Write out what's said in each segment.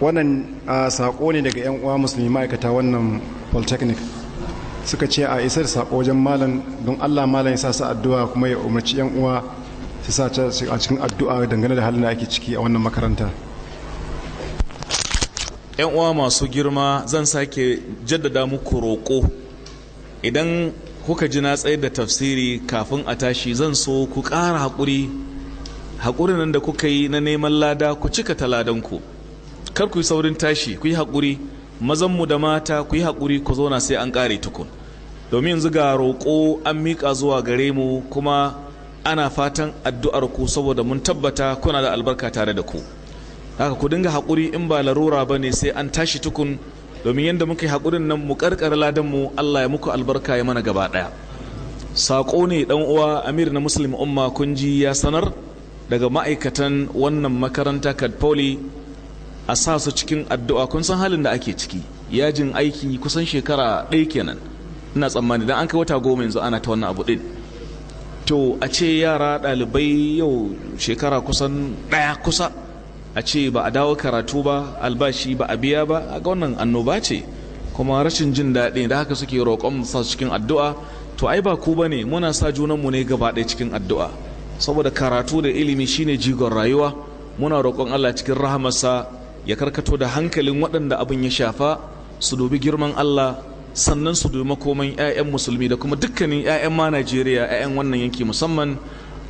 wannan saƙo ne daga 'yan uwa musulmi ma'aikata wannan polytechnic suka ce a isar saƙo wajen malam don allah malam ya sa su addu'a kuma ya umarci 'yan uwa su sa a cikin addu'a dangane da halin da ake ciki a wannan makaranta 'yan uwa masu girma zan sake jaddada muku roƙo idan kuka ji na tsaye da tafsiri kafin a tashi zan so ku ƙara haƙuri haƙurin da kuka yi na neman lada ku cika ta ku. kar ku yi saurin tashi ku yi haƙuri mazanmu da mata ku yi haƙuri ku zauna sai an ƙare tukun domin yanzu ga roƙo an miƙa zuwa gare mu kuma ana fatan addu'ar ku saboda mun tabbata kuna da albarka tare da ku haka ku dinga haƙuri in ba larura ba ne sai an tashi tukun domin yadda muka yi haƙurin nan mu ƙarƙar ladan mu Allah ya muku albarka ya mana gaba ɗaya saƙo ne dan uwa amir na muslim umma kunji ya sanar daga ma'aikatan wannan makaranta kadpoli a sa su cikin addu'a kun san halin da ake ciki yajin aiki kusan shekara ɗaya kenan ina tsammani dan an kai wata goma yanzu ana ta wannan abu ɗin to a ce yara ɗalibai yau shekara kusan ɗaya kusa a ce ba a dawo karatu ba albashi ba a biya ba a ga wannan annoba ce kuma rashin jin daɗi da haka suke roƙon sa cikin addu'a to ai ba ku ba muna sa junanmu ne gaba ɗaya cikin addu'a saboda karatu da ilimi shine jigon rayuwa muna roƙon Allah cikin rahamarsa ya karkato da hankalin waɗanda abin ya shafa su dubi girman Allah sannan su dubi makoman 'ya'yan musulmi da kuma dukkanin 'ya'yan ma Najeriya 'ya'yan wannan yanki musamman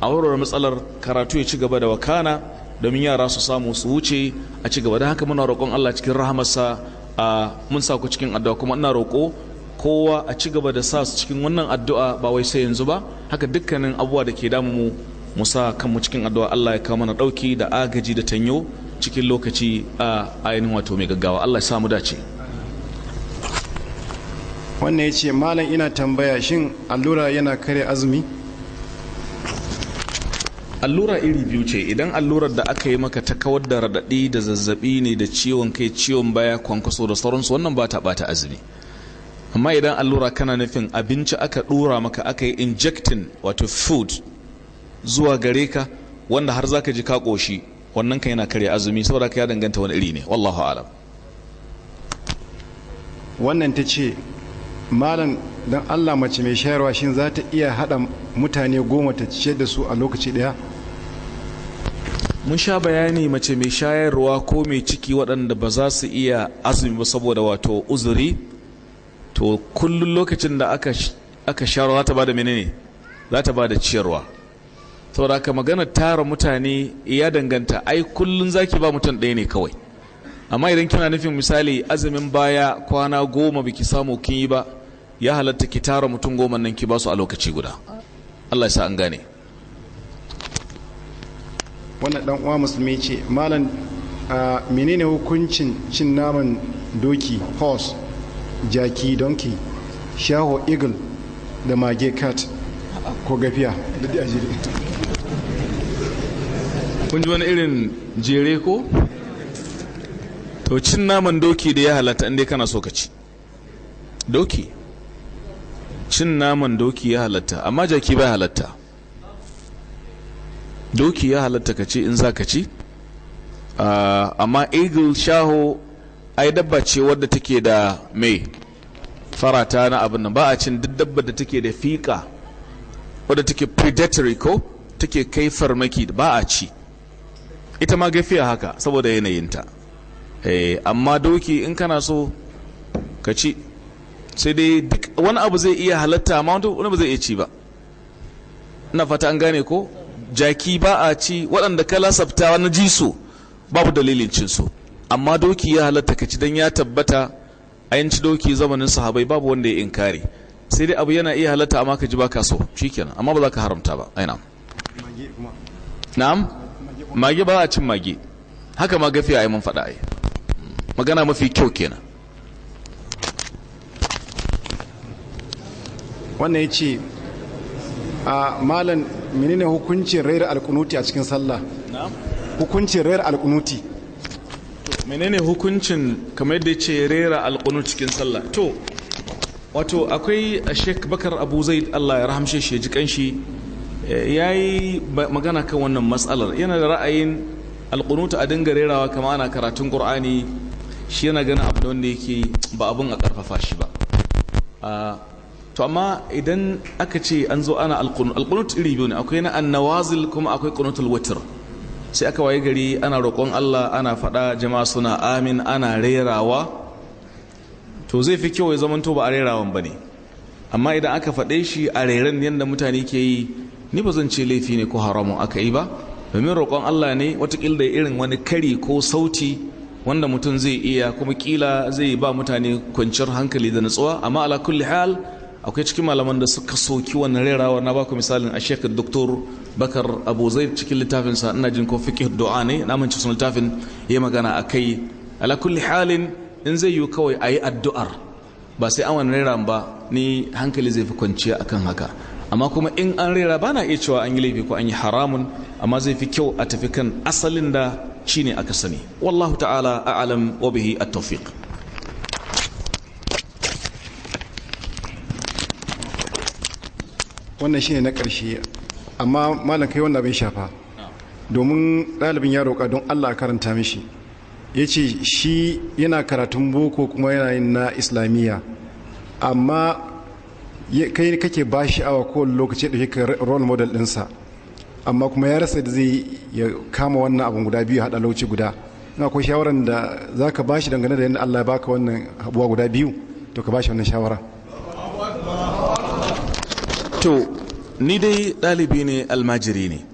a wurin matsalar karatu ya ci gaba da wakana domin yara su samu su wuce a ci gaba da haka muna roƙon Allah cikin rahamarsa a mun sa ku cikin addu'a kuma ina roƙo kowa a ci gaba da sa su cikin wannan addu'a ba wai sai yanzu ba haka dukkanin abubuwa da ke damu mu mu sa kanmu cikin addu'a Allah ya kawo mana ɗauki da agaji da tanyo cikin lokaci a ainihin wato mai gaggawa Allah ya samu dace wannan ya ce malam ina tambaya shin allura yana kare azumi allura iri biyu ce idan allurar da aka yi maka ta kawar da raɗaɗi da zazzabi ne da ciwon kai ciwon baya kwankwaso da sauransu wannan ba ta ɓata azumi amma idan allura kana nufin abinci aka ɗora maka aka yi injecting wato food zuwa gare ka wanda har za ka ji ka ƙoshi wannan kan yana karya azumi saboda ka ya danganta wani iri ne wallahu alam wannan ta ce malam don allah mace mai shayarwa shin za ta iya hada mutane goma ta ciyar da su a lokaci daya mun sha bayani mace mai shayarwa ko mai ciki waɗanda ba za su iya azumi ba saboda wato uzuri to kullum lokacin da aka aka shayarwa bada menene za ta bada ciyarwa saboda ka magana tara mutane ya danganta ai kullun zaki ba mutum ɗaya ne kawai amma idan kina nufin misali azumin baya kwana goma biki samu kin yi ba ya halatta ki tara mutum goma nan ki ba su a lokaci guda Allah ya sa an gane wannan dan uwa musulmi ce malam a menene hukuncin cin naman doki horse jaki donkey shaho eagle da mage cat ko gafiya da kun ji wani irin jere ko to cin naman doki da ya halatta inda kana so ka ci doki cin naman doki ya halatta amma jaki bai halatta doki ya halatta ka ci in za ka ci ah, amma eagle shaho ai dabba ce wadda take da mai farata na abin nan ba a cin duk dabba da take da fiƙa wadda take predatory ko take kai farmaki ba a ci ita ma gafiya haka saboda yanayinta eh, amma doki in kana so ka ci sai dai duk wani abu zai iya halatta amma wani ba zai iya ci ba na fata an gane ko jaki ba a ci waɗanda ka lasafta na ji su babu dalilin cin su amma doki ya halatta ka ci don ya tabbata a yanci doki zamanin sahabai babu wanda ya inkari sai dai abu yana iya halatta amma ka ji ba ka so shikenan amma ba za ka haramta ba na'am mage ba a cin mage haka ma gafiya ai mun faɗa ai magana mafi kyau kenan wannan ya ce a malan menene hukuncin rayar alkunuti a cikin sallah hukuncin rayar alkunuti menene hukuncin kamar yadda ce rera alkunu cikin sallah to wato akwai a shek bakar abu zaid allah ya rahamshe shi ya ji kanshi Eh, ya yi magana kan wannan matsalar yana da ra'ayin alƙunuta a dinga rerawa kama ana karatun ƙur'ani shi yana gani abu da wanda yake ba abin a ƙarfafa shi ba ah, to amma idan aka ce an zo ana alƙunut iri biyu ne akwai na annawazil kuma akwai ƙunutul witr sai aka waye gari ana roƙon Allah ana faɗa jama'a suna amin ana rerawa to zai fi kyau ya zamanto ba a rerawan ba ne amma idan aka faɗe shi a reren yadda mutane ke yi ni ba zan ce laifi ne ko haramun aka yi ba domin roƙon Allah ne watakila da irin wani kari ko sauti wanda mutum zai iya kuma kila zai ba mutane kwanciyar hankali da natsuwa amma ala kulli hal akwai cikin malaman da suka soki wannan rerawa na baku misalin a shekar doktor bakar abu zai cikin littafinsa ina jin ko fiqh du'a ne na manci sun littafin ya magana a kai ala kulli halin in zai yi kawai a yi addu'ar ba sai an wani rera ba ni hankali zai fi kwanciya akan haka amma kuma in an rera ba na iya cewa an yi laifi ko an yi haramun amma zai fi kyau a tafi kan asalin da shi ne aka sani wallahu ta'ala a'lam wa bihi at-tawfiq wannan shine na ƙarshe amma malam kai wannan bai shafa domin ɗalibin ya roƙa don Allah karanta mishi ya ce shi yana karatun boko kuma yana yin na islamiyya amma kai kake ba shi awa kowane lokaci da ɗauki role model sa amma kuma ya rasa da zai ya kama wannan abin guda biyu hada lokaci guda ina ko shawaran da za ka ba shi dangane da yadda Allah ya baka wannan abuwa guda biyu to ka ba shi wannan shawara to ni dai ɗalibi ne almajiri ne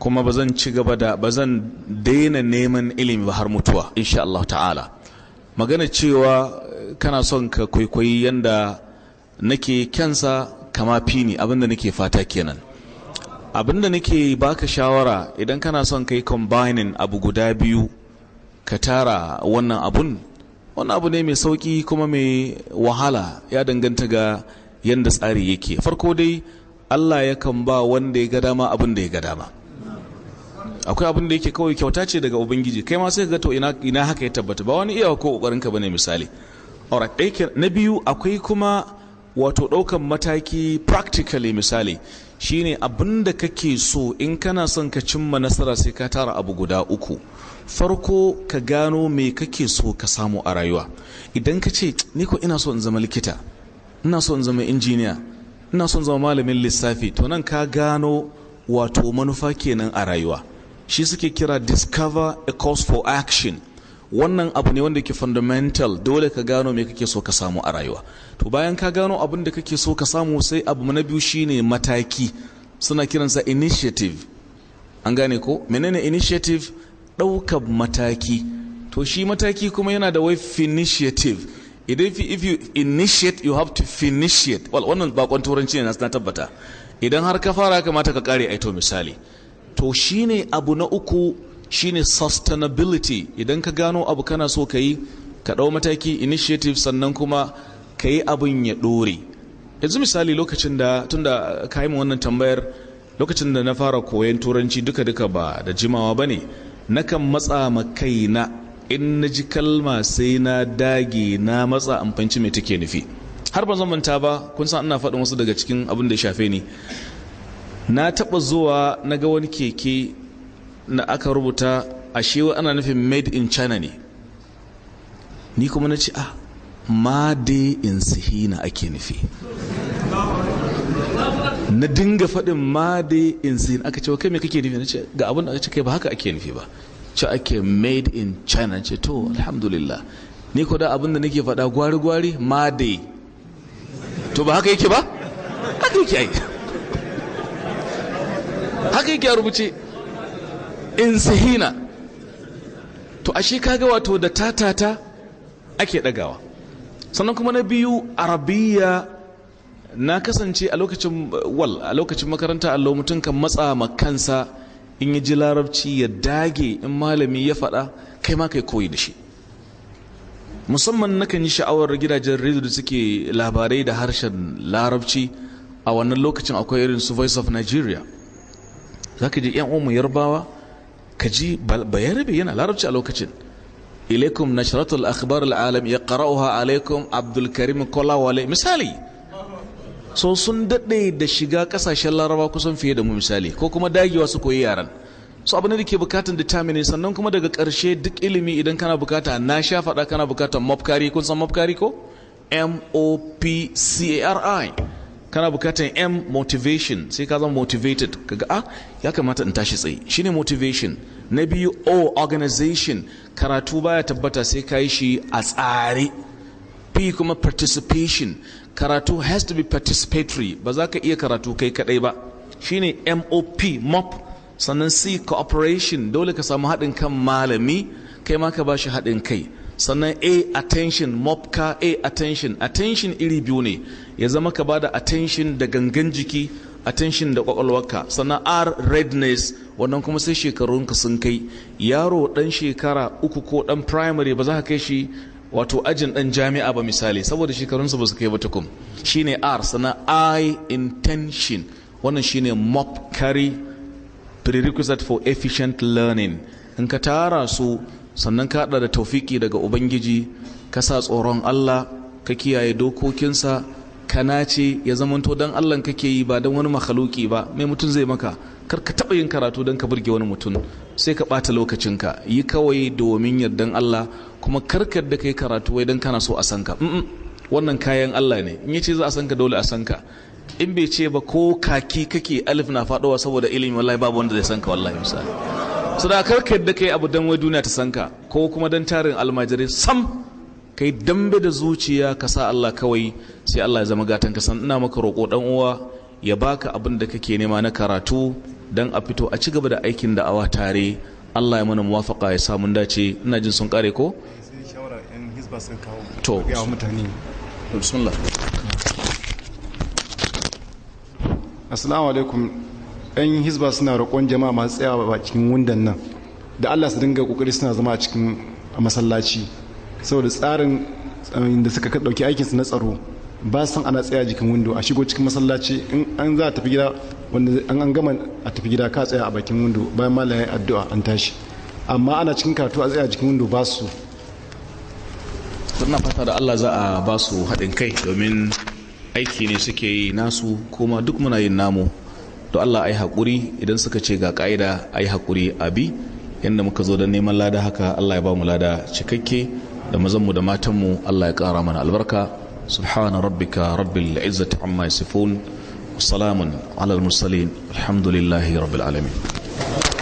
kuma ba zan ci gaba da ba zan daina neman ilimi ba har mutuwa insha Allah ta'ala magana cewa kana son ka kwaikwayi yanda nake kyansa kama fini abinda nake fata kenan abinda nake baka shawara idan kana son kai combining abu guda biyu ka tara wannan abun wannan abu ne mai sauki kuma mai wahala ya danganta ga yadda tsari yake farko dai Allah kan ba wanda ya ga dama abin da ya ga dama akwai abin da yake kawai kyauta ce daga ubangiji kai ma sai ga to ina haka ya tabbata ba wani iyawa ko kokarin ka bane misali na biyu akwai kuma wato ɗaukan mataki practically misali shine abin da kake so in kana son ka cimma nasara sai ka tara abu guda uku farko ka gano me kake so ka samu a rayuwa idan ka ce ni ko ina so in zama likita ina so in zama injiniya ina so in zama malamin lissafi to nan ka gano wato manufa kenan a rayuwa shi suke kira discover a cause for action wannan abu ne wanda ke fundamental dole ka gano me kake so ka samu a rayuwa to bayan ka gano abin da kake so ka samu sai abu na biyu shine mataki suna kiransa initiative an gane ko menene initiative ɗaukar mataki to shi mataki kuma yana da wai finitiative idan if you initiate you have to finish it well wannan bakon turanci ne na tabbata idan har ka fara kamata ka kare aito misali to shine abu na uku shine sustainability idan ka gano abu kana so ka yi ka ɗau mataki initiative sannan kuma ka yi abin ya ɗore yanzu misali lokacin da tun da ka yi wannan tambayar lokacin da na fara koyon turanci duka-duka ba da jimawa ba ne nakan matsa makaina in na ji kalma sai na dage na matsa amfanci mai take nufi har ban manta ba kun san ana faɗin wasu daga cikin abin da ya shafe ni na taɓa zuwa na ga wani keke na aka rubuta a shewa ana nufin made in china ne ni kuma na ce a ah, made in sihina ake nufi na dinga faɗin made in sihina aka ce wa kai me kake nufi na ce ga abin da aka ce kai ba haka ake nufi ba ce ake made in china ce to alhamdulillah ni ko da abin da nake faɗa gwari-gwari made to ba haka yake ba haka yake ai haka yake a rubuce in sihina to ashe kaga wato da tatata ake dagawa sannan kuma na biyu arabiya na kasance a lokacin wal a lokacin makaranta allo mutum kan matsa ma kansa in yi ji larabci ya dage in malami ya faɗa kai ma kai koyi da shi musamman nakan yi sha'awar gidajen rediyo da suke labarai da harshen larabci a wannan lokacin akwai irin su voice of nigeria za ka ji 'yan umu yarbawa kaji bayarabe yana larabci a lokacin ilaikum nashratul akhbar alalam ya qara'uha alaikum abdul karim kolawale misali so sun dade da shiga kasashen laraba kusan fiye da mu misali ko kuma dagewa su koyi yaran so abin da ke bukatan determine sannan kuma daga karshe duk ilimi idan kana bukata na sha faɗa kana bukatan mopkari kun san mopkari ko m o p c a r i kana bukatan m motivation sai ka zama motivated kaga a ah, ya kamata in tashi tsaye shine motivation na biyu o organization karatu baya tabbata sai ka yi shi a tsare p kuma participation karatu has to be participatory ba za ka iya karatu kai kadai ba shine mop mop sannan c cooperation dole ka samu haɗin kan malami kai ma ka ba shi haɗin kai sannan a attention mopka a attention attention iri biyu ne ya zama ka bada attention da gangan jiki attention da kwakwalwarka sannan r redness wannan kuma sai shekarunka sun kai yaro dan shekara uku ko dan primary ba za ka kai shi wato ajin dan jami'a ba misali saboda shekarunsa ba su kai ba tukum shine r sannan i intention wannan shine mop carry prerequisite for efficient learning in ka tara su sannan ka da taufiki daga ubangiji ka sa tsoron allah ka kiyaye dokokinsa ka nace ya zamanto don allah kake yi ba don wani makhaluki ba mai mutum zai maka kar ka taɓa yin karatu don ka burge wani mutum sai ka ɓata lokacinka yi kawai domin yardan allah kuma karkar da kai karatu wai don kana so a san wannan kayan allah ne in ya ce za a san ka dole a sanka in bai ce ba ko kaki kake alif na faɗowa saboda ilimi wallahi babu wanda zai san ka wallahi misali su ka karka yadda ka yi abu don wai duniya ta san ka ko kuma don tarin almajirai sam ka yi dambe da zuciya ka sa Allah kawai sai Allah ya zama gatan ka san ina maka roƙo ɗan uwa ya baka abin da kake nema na karatu don a fito a ci gaba da aikin da awa tare Allah ya mana muwafaka ya samu dace ina jin sun kare ko to 'yan hizba suna roƙon jama'a masu tsaya ba cikin wundan nan da allah su dinga kokari suna zama a cikin masallaci saboda tsarin eh, da suka ɗauki su na tsaro ba san ana tsaya jikin windo a shigo cikin masallaci in an za a tafi gida wanda an gama a tafi gida ka tsaya a bakin windo bayan malam ya addu'a an tashi amma ana cikin karatu a tsaya jikin windo ba su suna fata da Allah za a ba su haɗin kai domin aiki ne suke yi nasu kuma duk muna yin namu to Allah ai hakuri idan suka ce ga ka'ida ai haƙuri abi yadda muka zo don neman lada haka Allah ya ba mu lada cikakke da mazanmu da matanmu Allah ya kara mana albarka subhana rabbika rabbil izzati amma yasifun salamun alal mursalin alhamdulillahi rabbil alamin